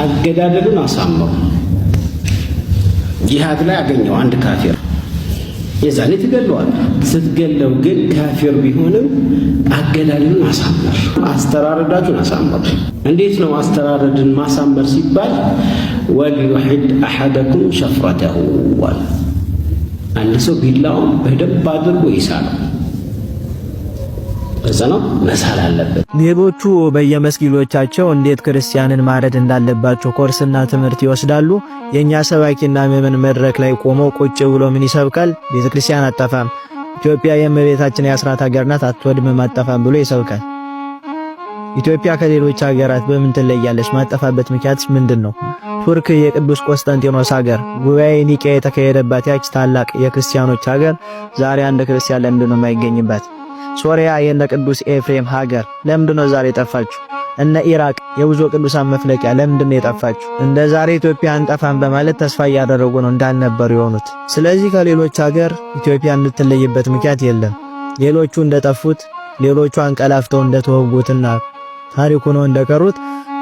አገዳደሉን አሳመሩ። ጂሃድ ላይ አገኘው አንድ ካፊር የዛኔ ትገለዋል። ስትገለው ግን ካፊር ቢሆንም አገዳደሉን አሳመር፣ አስተራረዳችሁን አሳመር። እንዴት ነው አስተራረድን ማሳመር ሲባል ወልዩሕድ አሐደኩም ሸፍረተሁ አንድ ሰው ቢላውም በደንብ አድርጎ ይሳለው ተጽዕኖ መሳል አለበት። ሌቦቹ በየመስጊዶቻቸው እንዴት ክርስቲያንን ማረድ እንዳለባቸው ኮርስና ትምህርት ይወስዳሉ። የእኛ ሰባኪና ምዕመን መድረክ ላይ ቆመው ቁጭ ብሎ ምን ይሰብካል? ቤተ ክርስቲያን አጠፋም፣ ኢትዮጵያ የእመቤታችን የአስራት ሀገር ናት፣ አትወድምም፣ አጠፋም ብሎ ይሰብካል። ኢትዮጵያ ከሌሎች ሀገራት በምን ትለያለች? ማጠፋበት ምክንያት ምንድን ነው? ቱርክ የቅዱስ ቆስጠንጢኖስ ሀገር ጉባኤ ኒቄ የተካሄደባት ያች ታላቅ የክርስቲያኖች ሀገር ዛሬ አንድ ክርስቲያን ለምንድን ነው የማይገኝባት? ሶሪያ የነ ቅዱስ ኤፍሬም ሀገር ነው ዛሬ የጠፋችሁ? እነ ኢራቅ የብዙ ቅዱሳን መፍለቂያ ነው የጠፋችሁ? እንደ ዛሬ ኢትዮጵያ አንጠፋም በማለት ተስፋ እያደረጉ ነው እንዳልነበሩ የሆኑት። ስለዚህ ከሌሎች ሀገር ኢትዮጵያ እንድትለይበት ምክንያት የለም። ሌሎቹ እንደጠፉት ሌሎቹ አንቀላፍተው እንደተወጉትና ታሪኩ ነው እንደቀሩት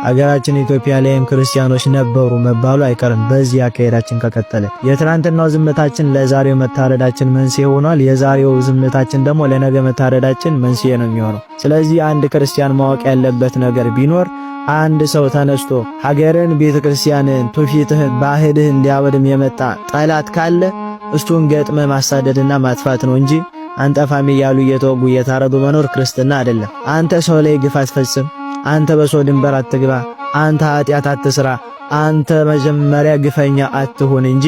አገራችን ኢትዮጵያ ላይም ክርስቲያኖች ነበሩ መባሉ አይቀርም። በዚህ አካሄዳችን ከቀጠለ የትናንትናው ዝምታችን ለዛሬው መታረዳችን መንስኤ ሆኗል። የዛሬው ዝምታችን ደግሞ ለነገ መታረዳችን መንስኤ ነው የሚሆነው። ስለዚህ አንድ ክርስቲያን ማወቅ ያለበት ነገር ቢኖር አንድ ሰው ተነስቶ ሀገርን፣ ቤተክርስቲያንን፣ ትውፊትህን፣ ባህልህን ሊያወድም የመጣ ጠላት ካለ እሱን ገጥመ ማሳደድና ማጥፋት ነው እንጂ አንጠፋም እያሉ እየተወጉ እየታረዱ መኖር ክርስትና አይደለም። አንተ ሰው ላይ ግፍ አትፈጽም። አንተ በሰው ድንበር አትግባ፣ አንተ ኃጢአት አትስራ፣ አንተ መጀመሪያ ግፈኛ አትሁን እንጂ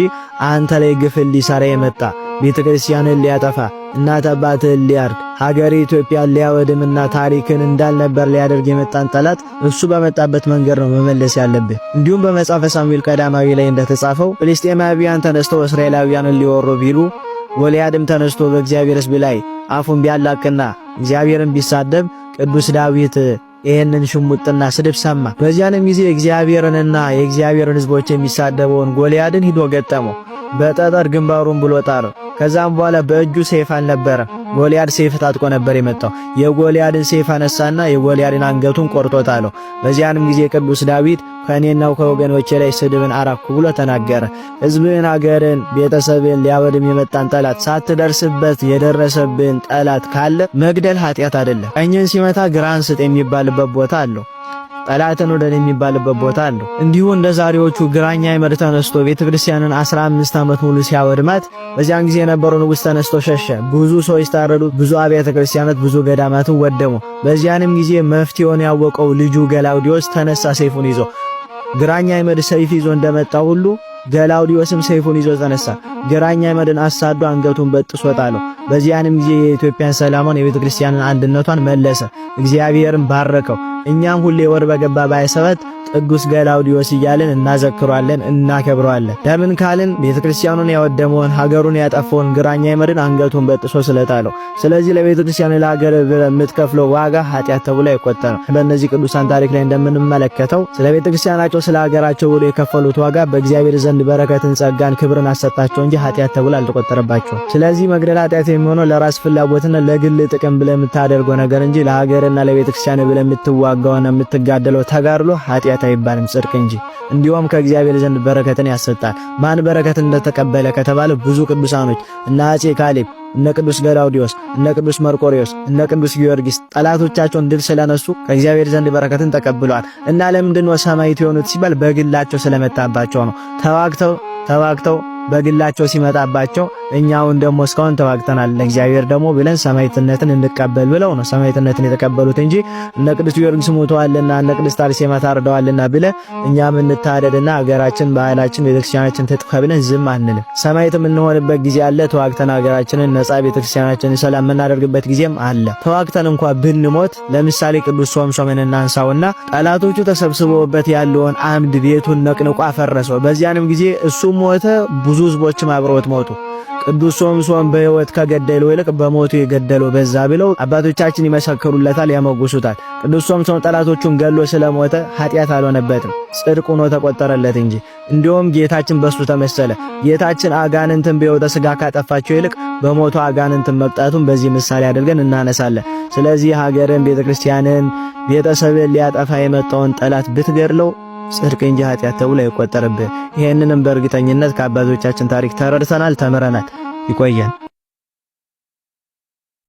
አንተ ላይ ግፍን ሊሰራ የመጣ ቤተ ክርስቲያንን ሊያጠፋ እናት አባትህን ሊያር ሀገር ኢትዮጵያን ሊያወድምና ታሪክን እንዳልነበር ሊያደርግ የመጣን ጠላት እሱ በመጣበት መንገድ ነው መመለስ ያለብህ። እንዲሁም በመጽሐፈ ሳሙኤል ቀዳማዊ ላይ እንደተጻፈው ፍልስጤማውያን ተነስተው እስራኤላውያንን ሊወሩ ቢሉ ጎልያድም ተነስቶ በእግዚአብሔር ሕዝብ ላይ አፉን ቢያላቅና እግዚአብሔርን ቢሳደብ ቅዱስ ዳዊት ይህንን ሽሙጥና ስድብ ሰማ። በዚያንም ጊዜ እግዚአብሔርንና የእግዚአብሔርን ሕዝቦች የሚሳደበውን ጎልያድን ሂዶ ገጠመው። በጠጠር ግንባሩን ብሎ ጣለው። ከዛም በኋላ በእጁ ሰይፍ አልነበረ። ጎልያድ ሰይፍ ታጥቆ ነበር የመጣው። የጎልያድን ሰይፍ አነሳና የጎልያድን አንገቱን ቆርጦታ ጣለው። በዚያንም ጊዜ ቅዱስ ዳዊት ከእኔና ከወገኖቼ ላይ ስድብን አራኩ ብሎ ተናገረ። ሕዝብን፣ አገርን፣ ቤተሰብን ሊያወድም የመጣን ጠላት ሳትደርስበት የደረሰብን ጠላት ካለ መግደል ኃጢአት አይደለም። ቀኝን ሲመታ ግራን ስጥ የሚባልበት ቦታ አለው። ጠላትን ወደን የሚባልበት ቦታ አለው። እንዲሁ እንደ ዛሬዎቹ ግራኛ አይመድ ተነስቶ ቤተ ክርስቲያንን 15 ዓመት ሙሉ ሲያወድማት በዚያን ጊዜ የነበረው ንጉሥ ተነስቶ ሸሸ። ብዙ ሰዎች ታረዱ፣ ብዙ አብያተ ክርስቲያናት፣ ብዙ ገዳማትን ወደሙ። በዚያንም ጊዜ መፍትሄውን ያወቀው ልጁ ገላውዲዮስ ተነሳ ሰይፉን ይዞ። ግራኛ አይመድ ሰይፍ ይዞ እንደመጣ ሁሉ ገላውዲዮስም ሰይፉን ይዞ ተነሳ። ግራኝ አይመድን አሳዶ አንገቱን በጥሶ ጣለው። በዚያንም ጊዜ የኢትዮጵያን ሰላሟን፣ የቤተ ክርስቲያንን አንድነቷን መለሰ። እግዚአብሔርን ባረከው። እኛም ሁሌ ወር በገባ ባይሰበት ቅዱስ ገላውዲዮስ እያልን እናዘክሯለን፣ እናከብሯለን። ለምን ካልን ቤተ ክርስቲያኑን ያወደመውን ሀገሩን ያጠፈውን ግራኛ ይመድን አንገቱን በጥሶ ስለጣለው። ስለዚህ ለቤተ ክርስቲያኑ ለሀገር የምትከፍለው ዋጋ ኃጢአት ተብሎ አይቆጠርም። በእነዚህ ቅዱሳን ታሪክ ላይ እንደምንመለከተው ስለ ቤተ ክርስቲያናቸው ስለ ሀገራቸው ብሎ የከፈሉት ዋጋ በእግዚአብሔር ዘንድ በረከትን፣ ጸጋን፣ ክብርን አሰጣቸው እንጂ ኃጢአት ተብሎ አልተቆጠረባቸውም። ስለዚህ መግደል ኃጢአት የሚሆነው ለራስ ፍላጎትና ለግል ጥቅም ብለህ የምታደርገው ነገር እንጂ ለሀገርና ለቤተ ክርስቲያን ብለህ የምትዋ የምትዋጋውና የምትጋደለው ተጋድሎ ኃጢአት አይባልም ጽድቅ እንጂ። እንዲሁም ከእግዚአብሔር ዘንድ በረከትን ያሰጣል። ማን በረከትን እንደተቀበለ ከተባለ ብዙ ቅዱሳኖች እነ አፄ ካሌብ፣ እነ ቅዱስ ገላውዲዮስ፣ እነ ቅዱስ መርቆሪዎስ፣ እነ ቅዱስ ጊዮርጊስ ጠላቶቻቸውን ድል ስለነሱ ከእግዚአብሔር ዘንድ በረከትን ተቀብለዋል። እና ለምንድን ነው ሰማዕት የሆኑት ሲባል በግላቸው ስለመጣባቸው ነው። ተዋግተው ተዋግተው በግላቸው ሲመጣባቸው እኛውን ደግሞ እስካሁን ተዋግተናል ለእግዚአብሔር ደግሞ ብለን ሰማይትነትን እንቀበል ብለው ነው ሰማይትነትን የተቀበሉት እንጂ እነ ቅዱስ ጊዮርጊስ ሞተዋልና እነ ቅድስት አርሴማ ታርደዋልና ብለ እኛም እንታደድና አገራችን፣ ባህላችን፣ ቤተክርስቲያናችን ትጥፋ ብለን ዝም አንልም። ሰማዕት የምንሆንበት ጊዜ አለ። ተዋግተን አገራችንን ነጻ ቤተክርስቲያናችንን ሰላም የምናደርግበት ጊዜም አለ። ተዋግተን እንኳ ብንሞት ለምሳሌ ቅዱስ ሶምሶንን እናንሳውና ጠላቶቹ ተሰብስበውበት ያለውን አምድ ቤቱን ነቅንቆ አፈረሰው። በዚያንም ጊዜ እሱ ሞተ ብዙ ህዝቦችም አብረውት ሞቱ። ቅዱስ ሶምሶን በህይወት ከገደለው ይልቅ በሞቱ የገደለው በዛ ብለው አባቶቻችን ይመሰክሩለታል፣ ያመጉሱታል። ቅዱስ ሶምሶን ጠላቶቹን ገሎ ስለሞተ ኃጢአት አልሆነበትም፣ ጽድቅ ሆኖ ተቆጠረለት እንጂ። እንዲሁም ጌታችን በሱ ተመሰለ። ጌታችን አጋንንትን በሕይወተ ስጋ ካጠፋቸው ይልቅ በሞቱ አጋንንትን መቅጣቱን በዚህ ምሳሌ አድርገን እናነሳለን። ስለዚህ ሀገርን፣ ቤተክርስቲያንን፣ ቤተሰብን ሊያጠፋ የመጣውን ጠላት ብትገድለው ጽድቅ እንጂ ኃጢአት ተብሎ አይቆጠርብህ። ይህንንም በእርግጠኝነት ከአባቶቻችን ታሪክ ተረድተናል፣ ተምረናል። ይቆያል።